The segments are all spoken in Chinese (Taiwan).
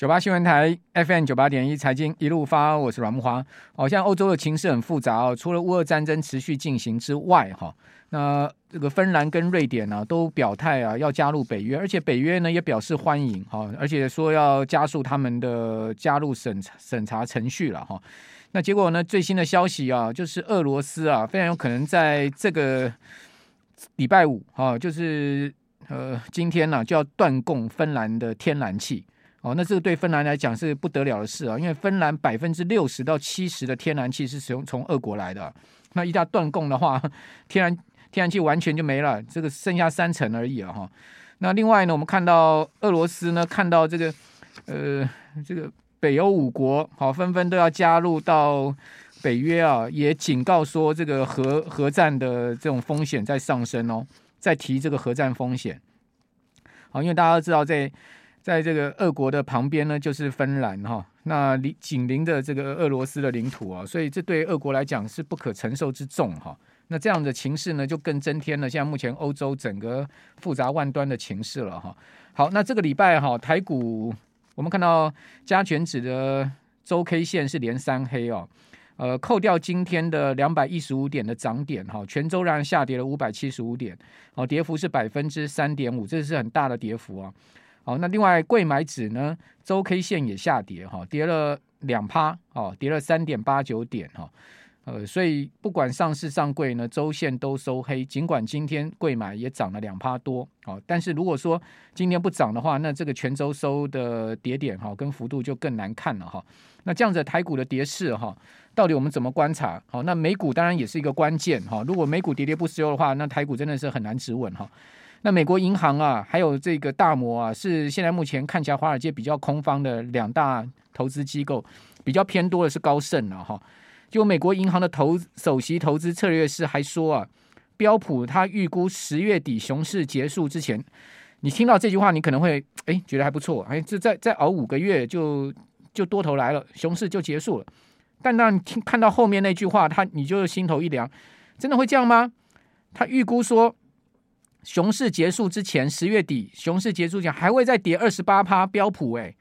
九八新聞台 FM 九八點一財經一路發，我是阮慕驊。好、哦、像歐洲的情勢很複雜哦，除了烏俄戰爭持續進行之外，哈、哦，那這個芬蘭跟瑞典呢、啊、都表態啊，要加入北約，而且北約呢也表示歡迎哈、哦，而且說要加速他們的加入審審查程序了哈、哦。那結果呢，最新的消息啊，就是俄羅斯啊，非常有可能在這個禮拜五哈、哦，就是呃今天呢、啊，就要斷供芬蘭的天然氣。哦，那這個對芬蘭來講是不得了的事啊，因為芬蘭百分之六十到七十的天然氣是使用從俄國來的、啊，那一旦斷供的話，天然天然氣完全就沒了，這個剩下三成而已了、啊、哈、哦。那另外呢，我們看到俄羅斯呢，看到這個呃這個北歐五國好紛紛都要加入到北約啊，也警告說這個核核戰的這種風險在上升哦，在提這個核戰風險。好、哦，因為大家都知道在。在這個俄國的旁邊呢，就是芬蘭哈、哦，那鄰緊鄰着這個俄羅斯的領土啊、哦，所以這對俄國來講是不可承受之重哈、哦。那這樣的情勢呢，就更增添了現在目前歐洲整個複雜萬端的情勢了哈、哦。好，那這個禮拜哈、哦，台股我們看到加權指的周 K 線是連三黑哦，呃，扣掉今天的兩百一十五點的漲點哈，全周然下跌了五百七十五點，哦，跌幅是百分之三點五，這是很大的跌幅啊、哦。好，那另外櫃買指呢，周 K 線也下跌哈，跌了兩趴，跌了三點八九點哈，呃，所以不管上市上櫃呢，週線都收黑。儘管今天櫃買也漲了兩趴多哦，但是如果說今天不漲的話，那這個全周收的跌點哈，跟幅度就更難看了哈。那這樣子台股的跌勢哈，到底我們怎麼觀察？好，那美股當然也是一個關鍵哈。如果美股跌跌不休的話，那台股真的是很難止穩哈。那美國銀行啊，還有這個大摩啊，是現在目前看起來華爾街比較空方的兩大投資機構，比較偏多的是高盛了、啊、哈。就美國銀行的投首席投資策略師還說啊，標普他預估十月底熊市結束之前，你聽到這句話，你可能會哎、欸，覺得還不錯，哎、欸，這再再熬五個月就就多頭來了，熊市就結束了。但當你聽看到後面那句話，他你就心頭一涼，真的會這樣嗎？他預估說。熊市結束之前，十月底，熊市結束前還會再跌二十八趴標普哎、欸，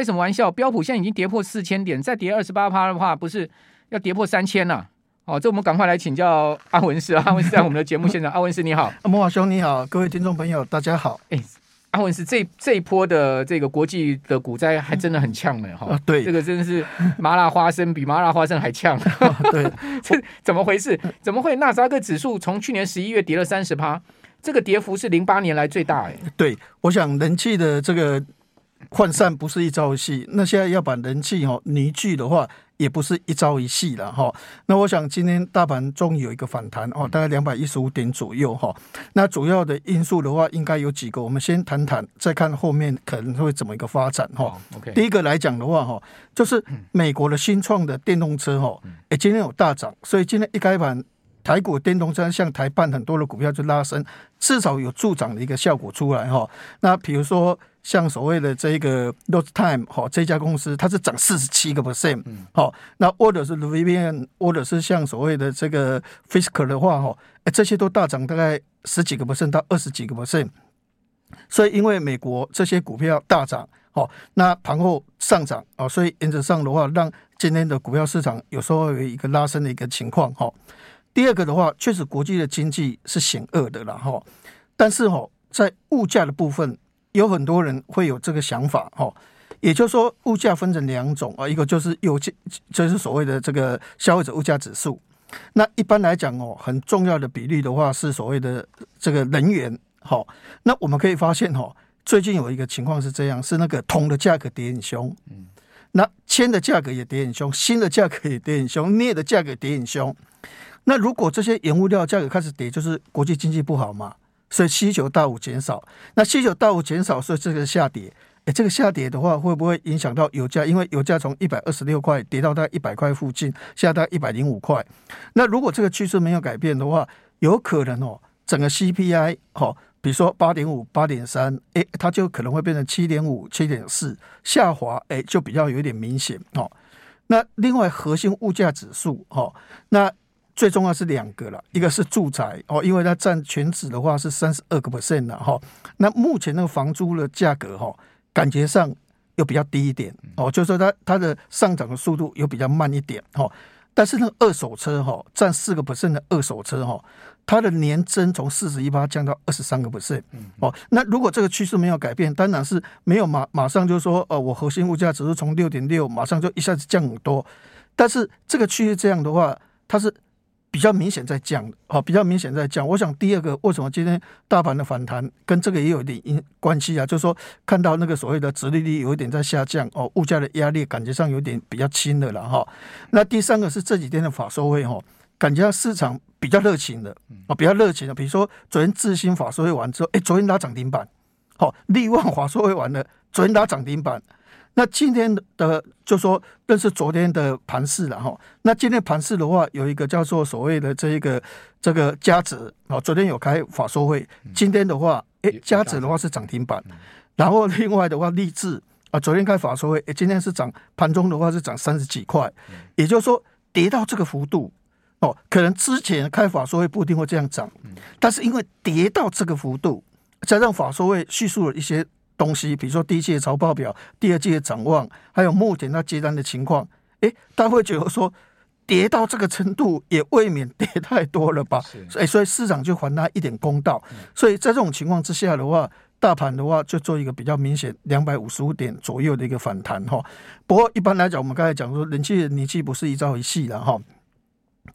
開什麼玩笑？標普現在已經跌破四千點，再跌二十八趴的話，不是要跌破三千了？好、哦，這我們趕快來請教阿文師， 阿文師在我們的節目現場。 阿文師你好，慕驊兄你好，各位聽眾朋友大家好。哎、欸，阿文師這這一波的這個國際的股災還真的很嗆呢哈，對，這個真的是麻辣花生比麻辣花生還嗆、 哦，對， 這怎麼回事？怎麼會那斯達克指數從去年十一月跌了三十趴？這個跌幅是零八年來最大哎、欸。對，我想人氣的這個渙散不是一朝一夕，那現在要把人氣哦凝聚的話，也不是一朝一夕了哈、哦。那我想今天大盤終於有一個反彈哦，大概兩百一十五點左右哈、哦。那主要的因素的話，應該有幾個，我們先談談，再看後面可能會怎麼一個發展哈。哦 oh, okay. 第一個來講的話哈，就是美國的新創的電動車哦，欸今天有大漲，所以今天一開盤。台股電動車向台半很多的股票就拉升，至少有助長的一個效果出來哈。那比如說像所謂的這個 n o t Time 這家公司，它是漲四十七個 percent，好，那或者是 Rivian，或者是像所謂的這個 Fisker 的話這些都大漲，大概十幾個 percent 到二十幾個 percent。所以因為美國這些股票大漲，那盤後上漲，所以原則上的話，讓今天的股票市場有時候有一個拉升的一個情況哈。第二個的話，確實國際的經濟是險惡的了吼，但是吼、哦，在物價的部分，有很多人會有這個想法哈，也就是說，物價分成兩種啊，一個就是有，就是所謂的這個消費者物價指數。那一般來講哦，很重要的比例的話是所謂的這個能源哈。那我們可以發現吼、哦，最近有一個情況是這樣，是那個銅的價格跌很兇，嗯，那鉛的價格也跌很兇，鋅的價格也跌很兇，鎳的價格也跌很兇。那如果這些原物料價格開始跌，就是國際經濟不好嘛，所以需求大幅減少。那需求大幅減少，所以這個下跌，欸，這個下跌的話，會不會影響到油價？因為油價從一百二十六塊跌到大概一百塊附近，下跌一百零五塊。那如果這個趨勢沒有改變的話，有可能哦，整個 CPI 哦，比如說八點五、八點三，它就可能會變成七點五、七點四，下滑，欸，就比較有點明顯哦。那另外核心物價指數哦，那。最重要是兩個了，一個是住宅哦，因為它占權值的話是三十二個 percent 了哈。那目前那個房租的價格哈、哦，感覺上又比較低一點哦，就是、說它它的上漲的速度又比較慢一點哦。但是那個二手車哈，占四個 percent 的二手車哈、哦，它的年增從四十一趴降到二十三個 percent 哦。那如果這個趨勢沒有改變，當然是沒有馬馬上就是說哦，我核心物價只是從六點六馬上就一下子降很多。但是這個趨勢這樣的話，它是比較明顯在降好，哦，比較明顯在降。我想第二個為什麼今天大盤的反彈跟這個也有一點因關係啊？就是說看到那個所謂的殖利率有一點在下降，哦，物價的壓力感覺上有點比較輕的了哈、哦。那第三個是這幾天的法說會哈、哦，感覺到市場比較熱情的啊、哦，比較熱情的。比如說昨天智新法說會完之後，哎、欸，昨天打漲停板，好，哦，力旺法說會完了，昨天打漲停板。那今天的就是說，那是昨天的盤勢了哈。那今天盤勢的話，有一個叫做所謂的這一個這個價值啊，昨天有開法說會，今天的話，誒，價值的話是漲停板、嗯。然後另外的話，勵志啊，昨天開法說會，誒、欸，今天是漲，盤中的話是漲三十幾塊，也就是說跌到這個幅度哦，可能之前開法說會不一定會這樣漲，但是因為跌到這個幅度，加上法說會敘述了一些。東西，比如說第一季的財報表，第二季的展望，還有目前他接單的情況，哎、欸，大家會覺得說跌到這個程度也未免跌太多了吧？哎、欸，所以市場就還他一點公道。嗯、所以在這種情況之下的話，大盤的話就做一個比較明顯兩百五十五點左右的一個反彈哈。不過一般來講，我們剛才講說人氣、人氣不是一朝一夕的哈。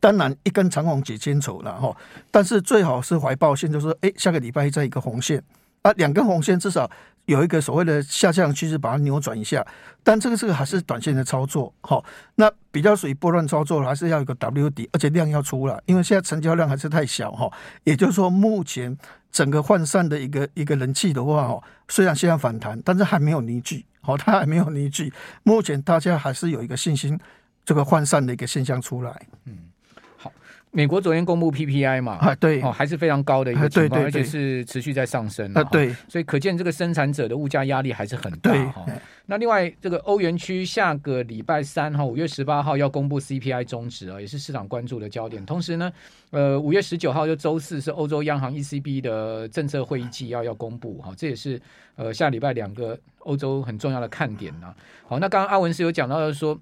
當然一根長紅解千愁了哈，但是最好是懷抱線，就是哎、欸，下個禮拜再一個紅線啊，兩根紅線至少。有一個所謂的下降趨勢，把它扭轉一下，但這個這個還是短線的操作，好、哦，那比較屬於波段操作，還是要有個 W 底，而且量要出來，因為現在成交量還是太小，哈、哦，也就是說目前整個渙散的一個一個人氣的話，哦，雖然現在反彈，但是還沒有凝聚，好、哦，它還沒有凝聚，目前大家還是有一個信心，這個渙散的一個現象出來，嗯。美國昨天公布 PPI 嘛？啊，對，哦，還是非常高的一個情況，啊、而且是持續在上升啊。啊，對，所以可見這個生產者的物價壓力還是很大哈、啊。那另外，這個歐元區下個禮拜三哈，五月十八號要公布 CPI 終值啊，也是市場關注的焦點。同時呢，呃，五月十九號就周四是歐洲央行 ECB 的政策會議紀要要公布哈，這也是呃下禮拜兩個歐洲很重要的看點、啊、好，那剛剛阿文師有講到就是說。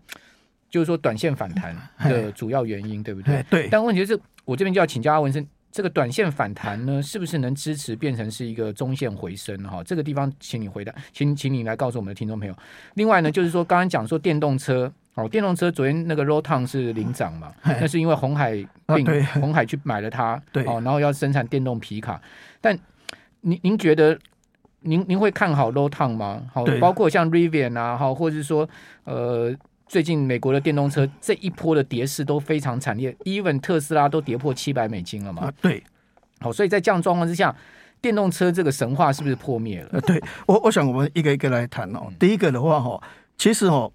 就是說，短線反彈的主要原因，對不對？對。但問題是，我這邊就要請教阿文師，這個短線反彈呢，是不是能支持變成是一個中線回升？哈、哦，這個地方，請你回答，請，請你來告訴我們的聽眾朋友。另外呢，就是說，剛剛講說電動車，哦，電動車昨天那個 Lordstown 是領漲嘛？那是因為鴻海併、啊、鴻海去買了它，哦對，然後要生產電動皮卡。但您，您覺得您，您會看好 Lordstown 嗎？好、哦，包括像 Rivian 啊，哈、哦，或者說呃。最近美國的電動車這一波的跌勢都非常慘烈，even 特斯拉都跌破七百美金了嘛？啊，對。好、哦，所以在這樣狀況之下，電動車這個神話是不是破滅了？呃、啊，對我，我想我們一個一個來談哦。嗯、第一個的話、哦，哈，其實哦。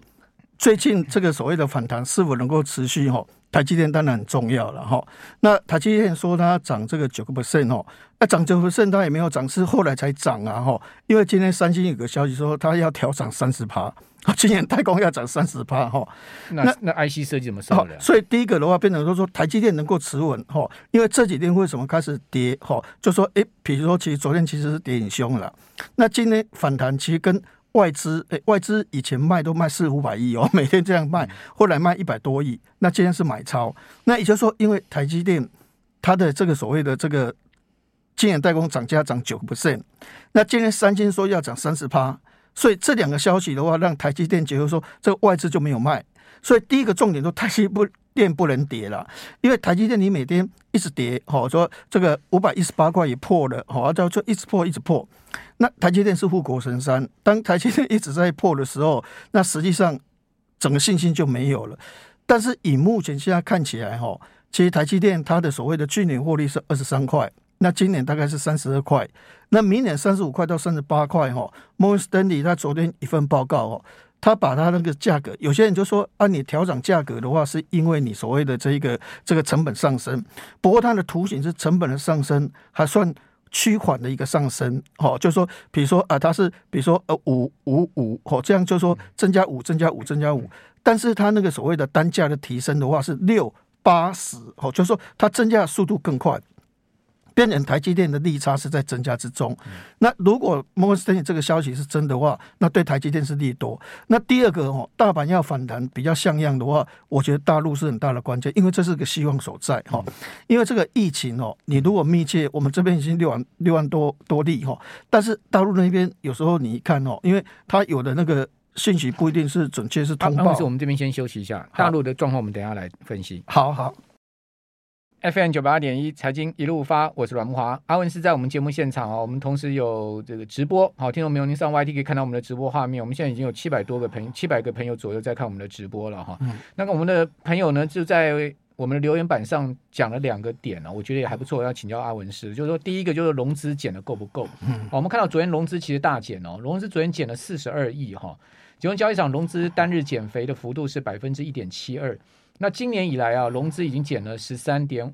最近這個所謂的反彈是否能夠持續？哈，台積電當然很重要了。哈，那台積電說它漲這個九個 percent 哦，那漲九個 percent 它也沒有漲，是後來才漲啊。哈，因為今天三星有個消息說它要調漲三十趴，今年代工要漲三十趴。哈，那那 IC 設計怎麼說呢？所以第一個的話，變成說說台積電能夠持穩。哈，因為這幾天為什麼開始跌？哈，就說哎，比如說其實昨天其實是跌很兇了。那今天反彈其實跟。外資誒、欸，外資以前賣都賣四五百億哦，每天這樣賣，後來賣一百多億，那今天是買超。那也就是說，因為台積電它的這個所謂的這個晶圓代工漲價漲九 percent，那今天三星說要漲三十趴，所以這兩個消息的話，讓台積電覺得說這個外資就沒有賣。所以第一個重點就是台積電不能跌了，因為台積電你每天一直跌，好說這個五百一十八塊也破了，好要就一直破一直破。那台積電是護國神山，當台積電一直在破的時候，那實際上整個信心就沒有了。但是以目前現在看起來，哈，其實台積電它的所謂的去年獲利是二十三塊，那今年大概是三十二塊，那明年三十五塊到三十八塊，哈，摩根士丹利他昨天一份報告，哦。他把他那個價格，有些人就說啊，你調整價格的話，是因為你所謂的這一個這個成本上升。不過它的圖形是成本的上升，還算趨緩的一個上升。哦，就是說，比如說啊，它是比如說呃五五五，5, 5, 5, 哦，這樣就說增加五，增加五，增加五。但是它那個所謂的單價的提升的話是六八十，哦，就是說它增加的速度更快。畢竟台積電的利差是在增加之中。嗯、那如果摩 o i s 這個消息是真的話，那對台積電是利多。那第二個哦，大盤要反彈比較像樣的話，我覺得大陸是很大的關鍵，因為這是個希望所在哈。因為這個疫情哦，你如果密切，我們這邊已經六萬六萬多萬多利哈。但是大陸那邊有時候你一看哦，因為它有的那個信息，不一定是準確，是通報。啊啊啊啊，是我們這邊先休息一下，大陸的狀況我們等一下來分析。好好。FM 九八點一，財經一路發，我是阮慕驊。阿文師在我們節目現場哦，我們同時有這個直播，好，聽眾朋友您上 YT 可以看到我們的直播畫面。我們現在已經有七百多個朋七百個朋友左右在看我們的直播了哈、嗯。那個我們的朋友呢就在我們的留言板上講了兩個點呢，我覺得也還不錯，要請教阿文師，就是說第一個就是融資減得夠不夠、嗯？我們看到昨天融資其實大減哦，融資昨天減了四十二億哈，金融交易場融資單日減肥的幅度是百分之一點七二。那今年以來啊，融資已經減了十三點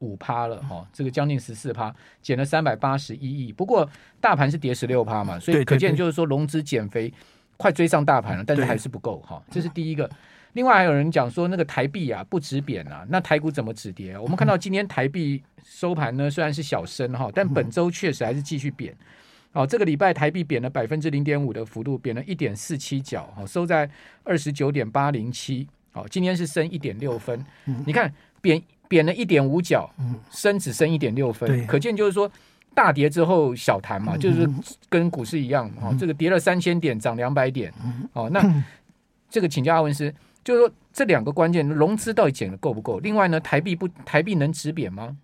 五趴了哈，這個將近十四趴，減了三百八十一億。不過大盤是跌十六趴嘛，所以可見就是說融資減肥快追上大盤了，但是還是不夠哈，這是第一個。另外還有人講說那個台幣啊不止貶啊，那台股怎麼止跌？我們看到今天台幣收盤呢雖然是小升哈，但本週確實還是繼續貶。好，這個禮拜台幣貶了百分之零點五的幅度，貶了一點四七角哈，收在二十九點八零七。好，今天是升一點六分，你看貶貶了一點五角，升只升一點六分，嗯，可見就是說大跌之後小彈嘛，嗯，就是跟股市一樣嘛，哦嗯。這個跌了三千點，漲兩百點，好，哦，那，嗯、這個請教阿文師，就是說這兩個關鍵融資到底減得夠不夠？另外呢，台幣不台幣能止貶嗎？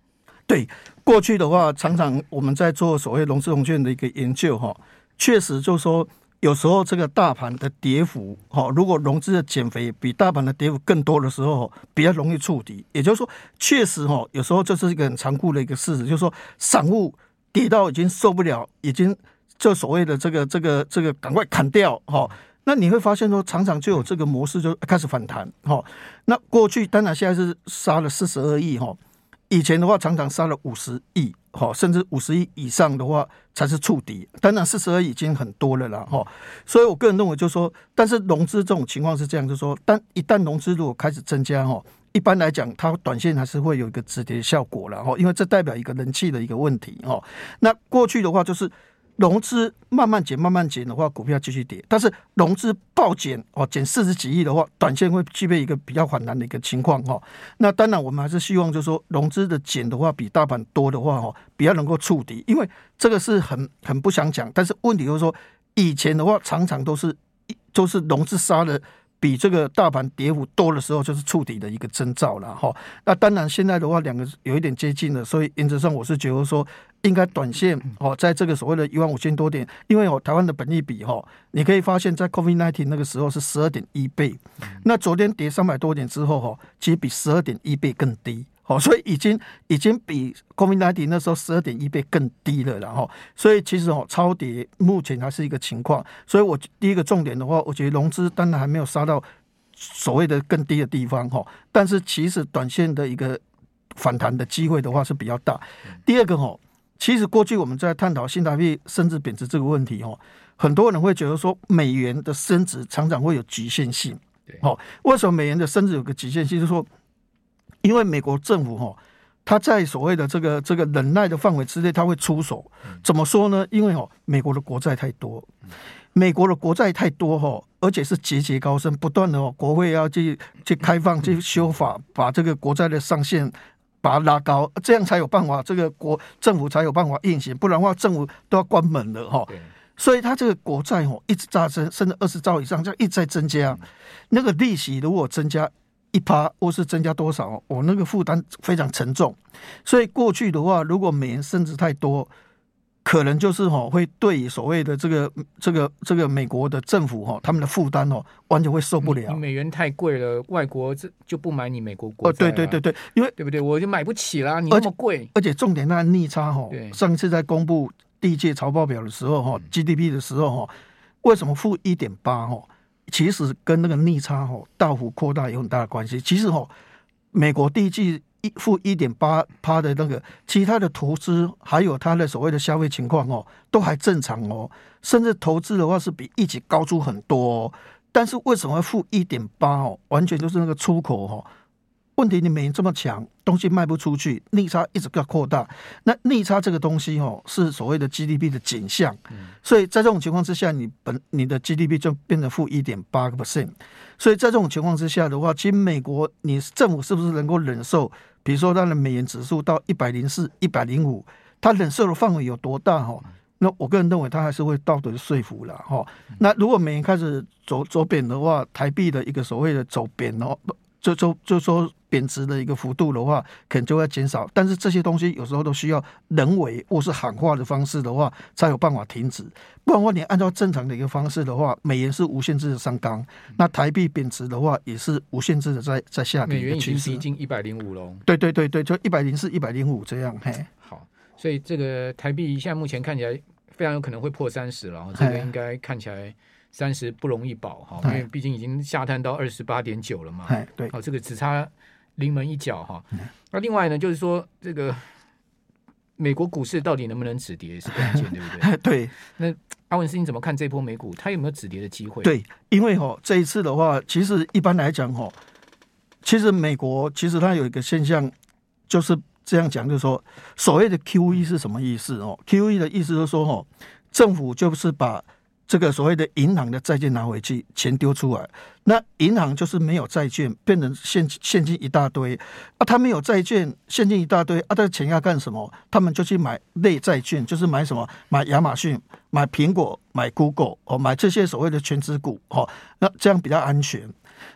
對，過去的話常常我們在做所謂融資融券的一個研究哈，確實就是說。有時候這個大盤的跌幅，哈，如果融資的減幅比大盤的跌幅更多的時候，比較容易觸底。也就是說，確實哈，有時候這是一個很殘酷的一個事實，就是說散戶跌到已經受不了，已經就所謂的這個這個這個趕快砍掉，哈。那你會發現說，常常就有這個模式就開始反彈，哈。那過去當然現在是殺了四十二億，哈。以前的話，常常殺了五十億，甚至五十億以上的話才是觸底。當然，四十二已經很多了啦，所以我個人認為就是說，但是融資這種情況是這樣，就是說，但一旦融資如果開始增加，一般來講，它短線還是會有一個止跌效果啦，哈，因為這代表一個人氣的一個問題，那過去的話就是。融資慢慢減、慢慢減的話，股票繼續跌；但是融資暴減哦，減四十幾億的話，短線會具備一個比較困難的一個情況哈。那當然，我們還是希望就是說，融資的減的話比大盤多的話哈，比較能夠觸底，因為這個是很很不想講。但是問題就是說，以前的話常常都是都是、就是融資殺的。.比這個大盤跌幅多的時候，就是觸底的一個徵兆了哈。那當然現在的話，兩個有一點接近了，所以原則上我是覺得說，應該短線哦，在這個所謂的一萬五千多點，因為我台灣的本益比哈，你可以發現在 COVID nineteen 那個時候是十二點一倍，那昨天跌三百多點之後哈，其實比十二點一倍更低。哦、所以已經已經比 COVID-19，那時候十二點一倍更低了，然、哦、後，所以其實哦，超跌目前還是一個情況。所以我，我第一個重點的話，我覺得融資當然還沒有殺到所謂的更低的地方哈、哦，但是其實短線的一個反彈的機會的話是比較大。嗯、第二個哦，其實過去我們在探討新台幣升值貶值這個問題哦，很多人會覺得說美元的升值常常會有局限性。對，好、哦，為什麼美元的升值有個局限性？就是、說因為美國政府哈、哦，他在所謂的這個這個忍耐的範圍之內，他會出手。怎麼說呢？因為哈、哦，美國的國債太多，美國的國債太多哈，而且是節節高升，不斷的、哦、國會要去去開放去修法，把這個國債的上限把它拉高，這樣才有辦法，這個國政府才有辦法運行，不然的話政府都要關門了哈、哦。所以，他這個國債哦，一直飆升，甚至二十兆以上，就一再增加，那個利息如果增加。一趴，或是增加多少？我、哦、那個負擔非常沉重，所以過去的話，如果美元升值太多，可能就是吼會對所謂的這個這個這個美國的政府哈他們的負擔哦，完全會受不了。美元太貴了，外國這就不買你美國國債哦，對對對對，因為對不對？我就買不起了、啊，你那麼貴。而且重點在逆差哈。上一次在公布第一季財報表的時候哈，GDP 的時候哈，為什麼負一點八哈？其實跟那個逆差吼、哦、大幅擴大有很大的關係。其實吼、哦，美國第一季一負一點八趴的那個，其他的投資還有它的所謂的消費情況哦，都還正常哦。甚至投資的話是比一級高出很多、哦。但是為什麼負一點八哦？完全就是那個出口哦。問題你美元這麼強，東西賣不出去，逆差一直要擴大。那逆差這個東西哦，是所謂的 GDP 的景象。所以在這種情況之下，你本你的 GDP 就變成負一點八個 percent。所以在這種情況之下的話，其實美國你政府是不是能夠忍受？比如說它的美元指數到一百零四、一百零五，它忍受的範圍有多大？哦，哈，那我個人認為它還是會道德說服了哈。那如果美元開始走走貶的話，台幣的一個所謂的走貶哦。就說就說貶值的一個幅度的話，可能就會減少。但是這些東西有時候都需要人為或是喊話的方式的話，才有辦法停止。不然的話，你按照正常的一個方式的話，美元是無限制的上綱，那台幣貶值的話也是無限制的在在下面。美元其實已經一百零五了。對對對對，就一百零四一百零五這樣。嘿、嗯，好，所以這個台幣現在目前看起來非常有可能會破三十了。這個應該看起來。三十不容易保哈，因為畢竟已經下探到二十八點九了嘛。對，好，這個只差臨門一腳哈，嗯。那另外呢，就是說這個美國股市到底能不能止跌是關鍵，對不對？對。那阿文師，你怎麼看這波美股？它有沒有止跌的機會？對，因為哈，哦，這一次的話，其實一般來講哈，哦，其實美國其實它有一個現象，就是這樣講，就是說所謂的 Q E 是什麼意思哦，嗯？Q E 的意思就是說哈，哦，政府就是把這個所謂的銀行的債券拿回去，錢丟出來，那銀行就是沒有債券變成現現金一大堆啊，他沒有債券，現金一大堆啊，這錢要幹什麼？他們就去買類債券，就是買什麼買亞馬遜、買蘋果、買 Google 哦，買這些所謂的權值股，哦，那這樣比較安全。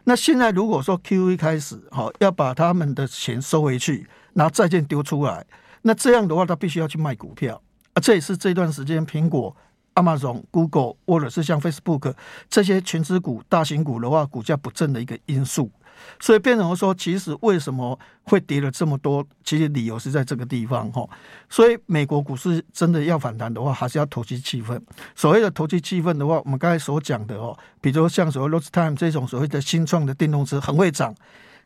那現在如果說 QE 開始好、哦、要把他們的錢收回去，拿債券丟出來，那這樣的話他必須要去賣股票啊，這也是這段時間蘋果。亞馬遜 Google、或者是像 Facebook 這些權值股，大型股的話，股價不振的一個因素，所以變成我說，其實為什麼會跌了這麼多？其實理由是在這個地方哈、哦。所以美國股市真的要反彈的話，還是要投機氣氛。所謂的投機氣氛的話，我們剛才所講的哦，比如說像所謂 Lordstown 這種所謂的新創的電動車，很會漲。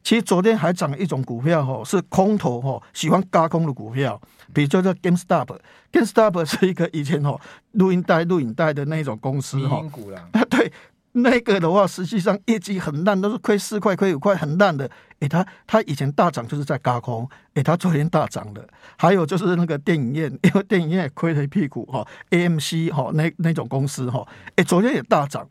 其實昨天還漲一種股票，哦、是空頭、哦、喜歡加空的股票，比如說 GameStop，GameStop 是一個以前哈、哦、錄音帶、錄影帶的那一種公司哈、哦，啊對，那個的話實際上業績很爛，都是虧四塊、虧五塊，很爛的。哎、欸，它它以前大漲就是在加空，哎、欸，它昨天大漲的。還有就是那個電影院，因為電影院也虧了一屁股哈、哦、AMC 哈、哦、那那種公司哈、哦，哎、欸，昨天也大漲。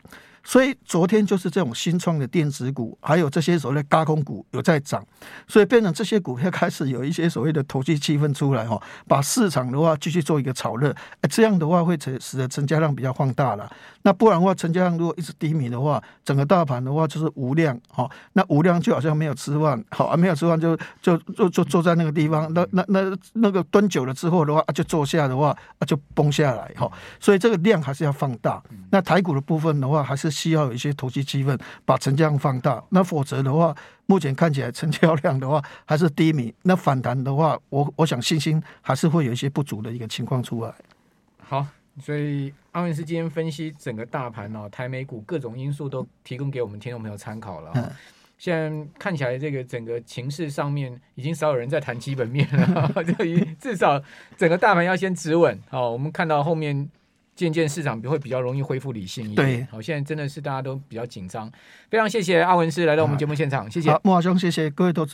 所以昨天就是這種新創的電子股，還有這些所謂的軋空股有在漲，所以變成這些股票開始有一些所謂的投機氣氛出來哦，把市場的話繼續做一個炒熱，這樣的話會成使得成交量比較放大了。那不然的話，成交量如果一直低迷的話，整個大盤的話就是無量哈，那無量就好像沒有吃飯好啊，沒有吃飯就就就就坐在那個地方，那那那那個蹲久了之後的話，就坐下的話就崩下來哈。所以這個量還是要放大。那台股的部分的話還是。需要有一些投機氣氛，把成交量放大。那否則的話，目前看起來成交量的話還是低迷。那反彈的話，我我想信心還是會有一些不足的一個情況出來。好，所以阿文師今天分析整個大盤哦，台美股各種因素都提供給我們聽眾朋友參考了，哦嗯。現在看起來，這個整個情勢上面已經少有人在談基本面了。就 至少整個大盤要先止穩。好，我們看到後面。漸漸市場會比較容易恢復理性一點。對，好，現在真的是大家都比較緊張。非常謝謝阿文師來到我們節目現場，謝謝。慕驊兄，謝謝各位都。